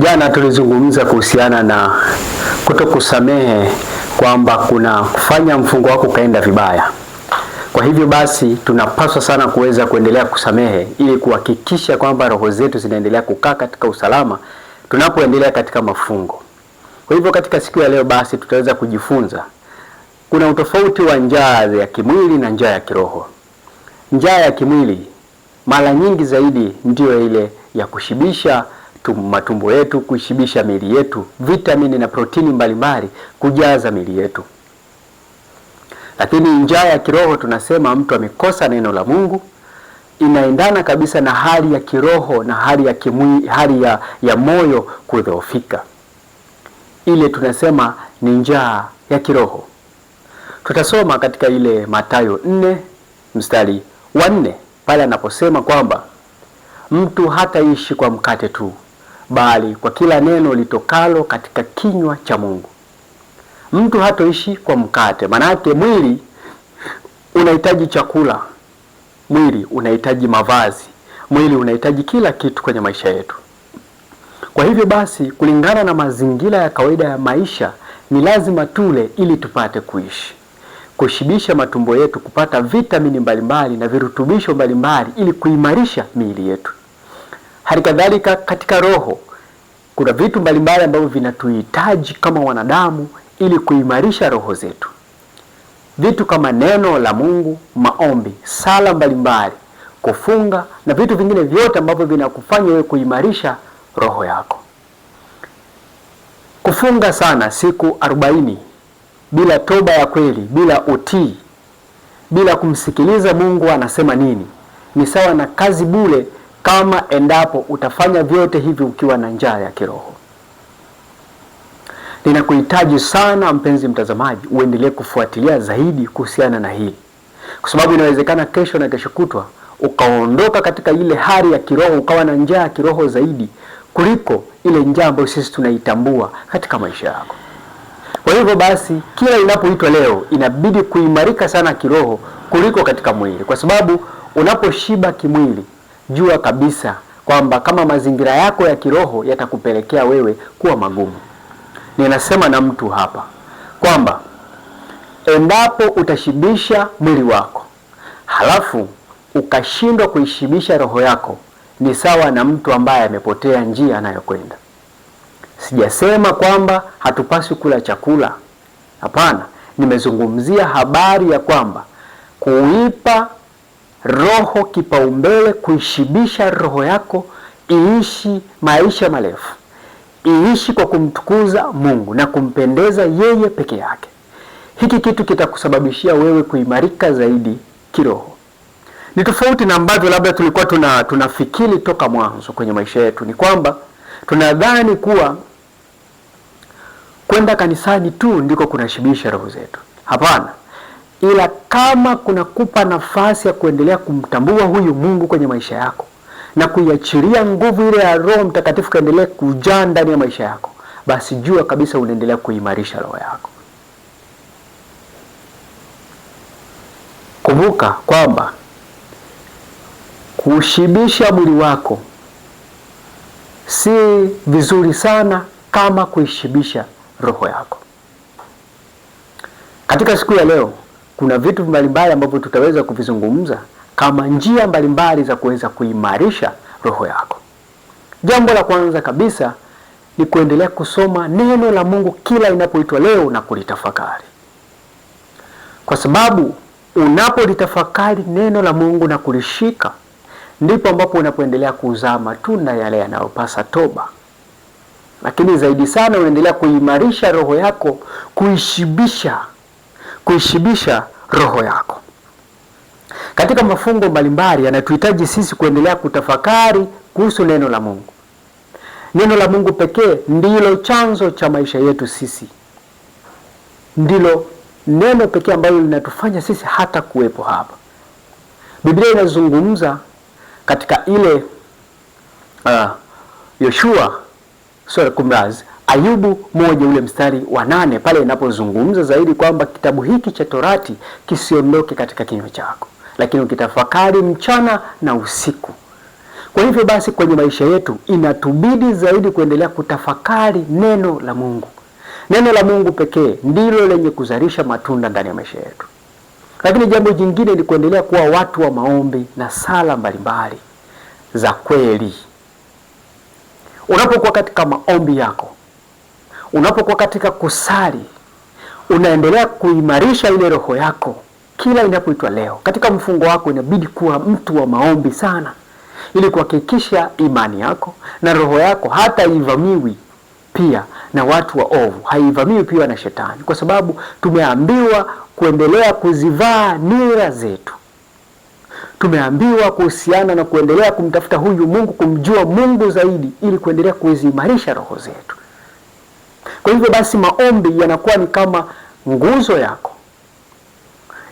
Jana tulizungumza kuhusiana na kuto kusamehe kwamba kuna kufanya mfungo wako ukaenda vibaya. Kwa hivyo basi, tunapaswa sana kuweza kuendelea kusamehe ili kuhakikisha kwamba roho zetu zinaendelea kukaa katika usalama tunapoendelea katika mafungo. Kwa hivyo, katika siku ya leo basi tutaweza kujifunza kuna utofauti wa njaa ya kimwili na njaa ya kiroho. Njaa ya kimwili mara nyingi zaidi ndiyo ile ya kushibisha matumbo yetu, kuishibisha miili yetu, vitamini na protini mbalimbali kujaza miili yetu. Lakini njaa ya kiroho tunasema mtu amekosa neno la Mungu, inaendana kabisa na hali ya kiroho na hali ya kimwi, hali ya, ya moyo kudhoofika. Ile tunasema ni njaa ya kiroho. Tutasoma katika ile Mathayo nne mstari wa nne pale anaposema kwamba mtu hataishi kwa mkate tu bali kwa kila neno litokalo katika kinywa cha Mungu. Mtu hatoishi kwa mkate, maanake mwili unahitaji chakula, mwili unahitaji mavazi, mwili unahitaji kila kitu kwenye maisha yetu. Kwa hivyo basi, kulingana na mazingira ya kawaida ya maisha, ni lazima tule ili tupate kuishi, kushibisha matumbo yetu, kupata vitamini mbalimbali na virutubisho mbalimbali, ili kuimarisha miili yetu. Hali kadhalika katika roho kuna vitu mbalimbali ambavyo vinatuhitaji kama wanadamu ili kuimarisha roho zetu, vitu kama neno la Mungu, maombi, sala mbalimbali, kufunga na vitu vingine vyote ambavyo vinakufanya wewe kuimarisha roho yako. Kufunga sana siku arobaini bila toba ya kweli, bila utii, bila kumsikiliza Mungu anasema nini, ni sawa na kazi bure kama endapo utafanya vyote hivi ukiwa na njaa ya kiroho. Ninakuhitaji sana mpenzi mtazamaji, uendelee kufuatilia zaidi kuhusiana na hili, kwa sababu inawezekana kesho na kesho kutwa ukaondoka katika ile hali ya kiroho, ukawa na njaa ya kiroho zaidi kuliko ile njaa ambayo sisi tunaitambua katika maisha yako. Kwa hivyo basi, kila inapoitwa leo inabidi kuimarika sana kiroho kuliko katika mwili, kwa sababu unaposhiba kimwili jua kabisa kwamba kama mazingira yako ya kiroho yatakupelekea wewe kuwa magumu. Ninasema na mtu hapa kwamba endapo utashibisha mwili wako halafu ukashindwa kuishibisha roho yako, ni sawa na mtu ambaye amepotea njia anayokwenda. Sijasema kwamba hatupaswi kula chakula, hapana. Nimezungumzia habari ya kwamba kuipa roho kipaumbele, kuishibisha roho yako iishi maisha marefu, iishi kwa kumtukuza Mungu na kumpendeza yeye peke yake. Hiki kitu kitakusababishia wewe kuimarika zaidi kiroho. Ni tofauti na ambavyo labda tulikuwa tuna tunafikiri toka mwanzo kwenye maisha yetu, ni kwamba tunadhani kuwa kwenda kanisani tu ndiko kunashibisha roho zetu. Hapana ila kama kunakupa nafasi ya kuendelea kumtambua huyu Mungu kwenye maisha yako na kuiachilia nguvu ile ya Roho Mtakatifu kaendelee kujaa ndani ya maisha yako, basi jua kabisa unaendelea kuimarisha roho yako. Kumbuka kwamba kushibisha mwili wako si vizuri sana kama kuishibisha roho yako. Katika siku ya leo kuna vitu mbalimbali ambavyo tutaweza kuvizungumza kama njia mbalimbali za kuweza kuimarisha roho yako. Jambo la kwanza kabisa ni kuendelea kusoma neno la Mungu kila inapoitwa leo na kulitafakari, kwa sababu unapolitafakari neno la Mungu na kulishika, ndipo ambapo unapoendelea kuzaa matunda yale yanayopasa toba. Lakini zaidi sana unaendelea kuimarisha roho yako, kuishibisha kuishibisha roho yako. Katika mafungo mbalimbali yanatuhitaji sisi kuendelea kutafakari kuhusu neno la Mungu. Neno la Mungu pekee ndilo chanzo cha maisha yetu sisi, ndilo neno pekee ambalo linatufanya sisi hata kuwepo hapa. Biblia inazungumza katika ile uh, Yoshua sura Ayubu moja ule mstari wa nane pale inapozungumza zaidi kwamba kitabu hiki cha Torati kisiondoke katika kinywa chako, lakini ukitafakari mchana na usiku. Kwa hivyo basi, kwenye maisha yetu inatubidi zaidi kuendelea kutafakari neno la Mungu. Neno la Mungu pekee ndilo lenye kuzalisha matunda ndani ya maisha yetu. Lakini jambo jingine ni kuendelea kuwa watu wa maombi na sala mbalimbali za kweli. Unapokuwa katika maombi yako unapokuwa katika kusali unaendelea kuimarisha ile roho yako kila inapoitwa leo. Katika mfungo wako inabidi kuwa mtu wa maombi sana, ili kuhakikisha imani yako na roho yako hata ivamiwi pia na watu wa ovu, haivamiwi pia na Shetani, kwa sababu tumeambiwa kuendelea kuzivaa nira zetu. Tumeambiwa kuhusiana na kuendelea kumtafuta huyu Mungu, kumjua Mungu zaidi, ili kuendelea kuziimarisha roho zetu. Kwa hivyo basi, maombi yanakuwa ni kama nguzo yako,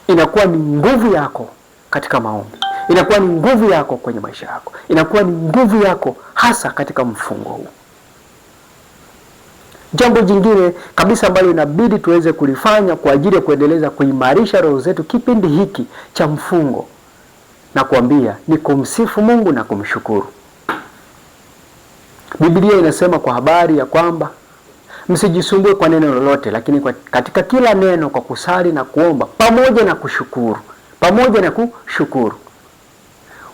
inakuwa ni nguvu yako katika maombi, inakuwa ni nguvu yako kwenye maisha yako, inakuwa ni nguvu yako hasa katika mfungo huu. Jambo jingine kabisa ambalo inabidi tuweze kulifanya kwa ajili ya kuendeleza kuimarisha roho zetu kipindi hiki cha mfungo, na kuambia ni kumsifu Mungu na kumshukuru. Biblia inasema kwa habari ya kwamba msijisumbue kwa neno lolote, lakini kwa katika kila neno kwa kusali na kuomba pamoja na kushukuru, pamoja na kushukuru.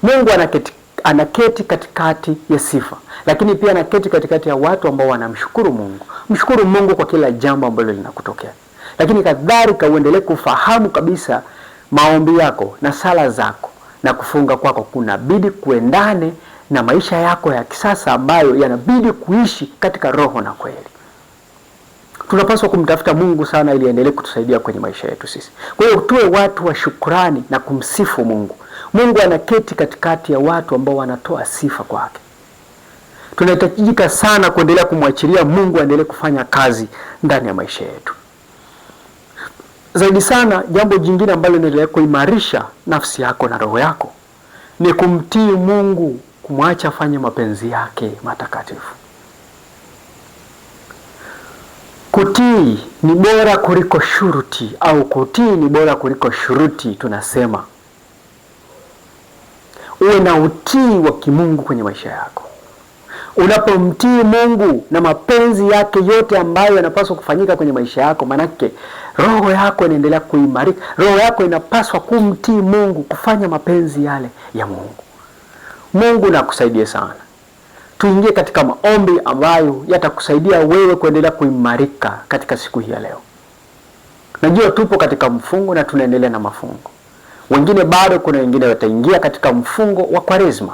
Mungu anaketi, anaketi katikati ya sifa, lakini pia anaketi katikati ya watu ambao wanamshukuru Mungu. Mshukuru Mungu kwa kila jambo ambalo linakutokea, lakini kadhalika uendelee kufahamu kabisa maombi yako na sala zako na kufunga kwako kunabidi kuendane na maisha yako ya kisasa ambayo yanabidi kuishi katika roho na kweli tunapaswa kumtafuta Mungu sana ili endelee kutusaidia kwenye maisha yetu sisi. Kwa hiyo tuwe watu wa shukrani na kumsifu Mungu. Mungu anaketi katikati ya watu ambao wanatoa sifa kwake. Tunahitajika sana kuendelea kumwachilia Mungu aendelee kufanya kazi ndani ya maisha yetu. Zaidi sana, jambo jingine ambalo linaendelea kuimarisha nafsi yako na roho yako ni kumtii Mungu, kumwacha afanye mapenzi yake matakatifu. Kutii ni bora kuliko shuruti au kutii ni bora kuliko shuruti. Tunasema uwe na utii wa kimungu kwenye maisha yako. Unapomtii Mungu na mapenzi yake yote ambayo yanapaswa kufanyika kwenye maisha yako, maanake roho yako inaendelea kuimarika. Roho yako inapaswa kumtii Mungu, kufanya mapenzi yale ya Mungu. Mungu nakusaidia sana tuingie katika maombi ambayo yatakusaidia wewe kuendelea kuimarika katika siku hii ya leo. Najua tupo katika mfungo na tunaendelea na mafungo, wengine bado, kuna wengine wataingia katika mfungo wa Kwaresma.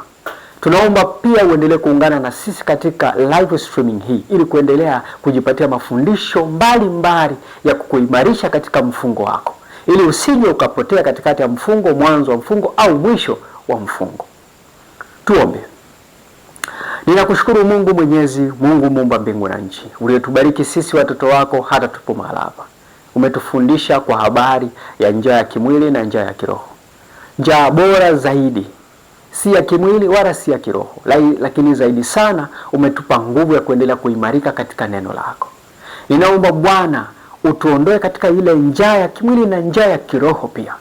Tunaomba pia uendelee kuungana na sisi katika live streaming hii ili kuendelea kujipatia mafundisho mbalimbali mbali ya kukuimarisha katika mfungo wako, ili usije ukapotea katikati ya mfungo, mwanzo wa mfungo au mwisho wa mfungo. Tuombe. Ninakushukuru Mungu Mwenyezi, Mungu muumba mbingu na nchi, uliyetubariki sisi watoto wako hata tupo mahala hapa. Umetufundisha kwa habari ya njaa ya kimwili na njaa ya kiroho. Njaa bora zaidi si ya kimwili wala si ya kiroho, lakini zaidi sana umetupa nguvu ya kuendelea kuimarika katika neno lako. Ninaomba Bwana utuondoe katika ile njaa ya kimwili na njaa ya kiroho pia,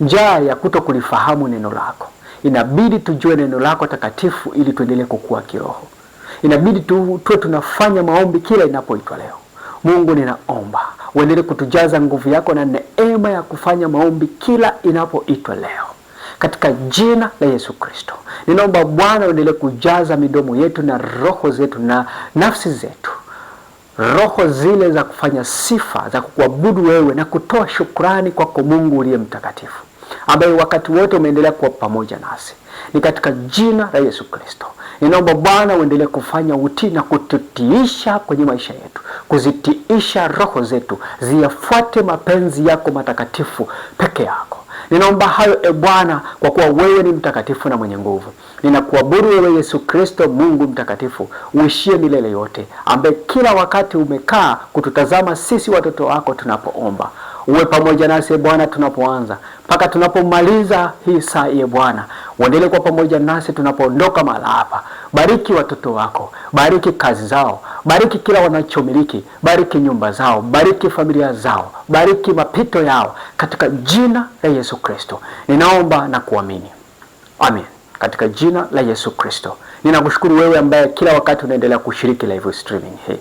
njaa ya kuto kulifahamu neno lako Inabidi tujue neno lako takatifu ili tuendelee kukua kiroho. Inabidi tu, tuwe tunafanya maombi kila inapoitwa leo. Mungu, ninaomba uendelee kutujaza nguvu yako na neema ya kufanya maombi kila inapoitwa leo katika jina la Yesu Kristo. Ninaomba Bwana uendelee kujaza midomo yetu na roho zetu na nafsi zetu roho zile za kufanya sifa za kukuabudu wewe na kutoa shukrani kwako Mungu uliye mtakatifu ambaye wakati wote umeendelea kuwa pamoja nasi. Ni katika jina la Yesu Kristo ninaomba Bwana uendelee kufanya utii na kututiisha kwenye maisha yetu, kuzitiisha roho zetu ziyafuate mapenzi yako matakatifu peke yako. Ninaomba hayo e Bwana, kwa kuwa wewe ni mtakatifu na mwenye nguvu. Ninakuabudu wewe Yesu Kristo, Mungu mtakatifu uishie milele yote, ambaye kila wakati umekaa kututazama sisi watoto wako tunapoomba uwe pamoja nasi ee Bwana tunapoanza mpaka tunapomaliza hii saa Ye ee Bwana. Uendelee kuwa pamoja nasi tunapoondoka mahala hapa. Bariki watoto wako, bariki kazi zao, bariki kila wanachomiliki, bariki nyumba zao, bariki familia zao, bariki mapito yao, katika jina la Yesu Kristo ninaomba na kuamini, amen. Katika jina la Yesu Kristo ninakushukuru wewe ambaye kila wakati unaendelea kushiriki live streaming hii.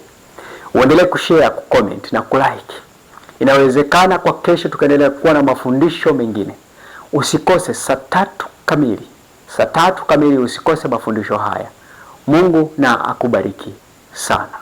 Uendelee kushare, kucomment na kulike Inawezekana kwa kesho tukaendelea kuwa na mafundisho mengine. Usikose saa tatu kamili, saa tatu kamili usikose mafundisho haya. Mungu na akubariki sana.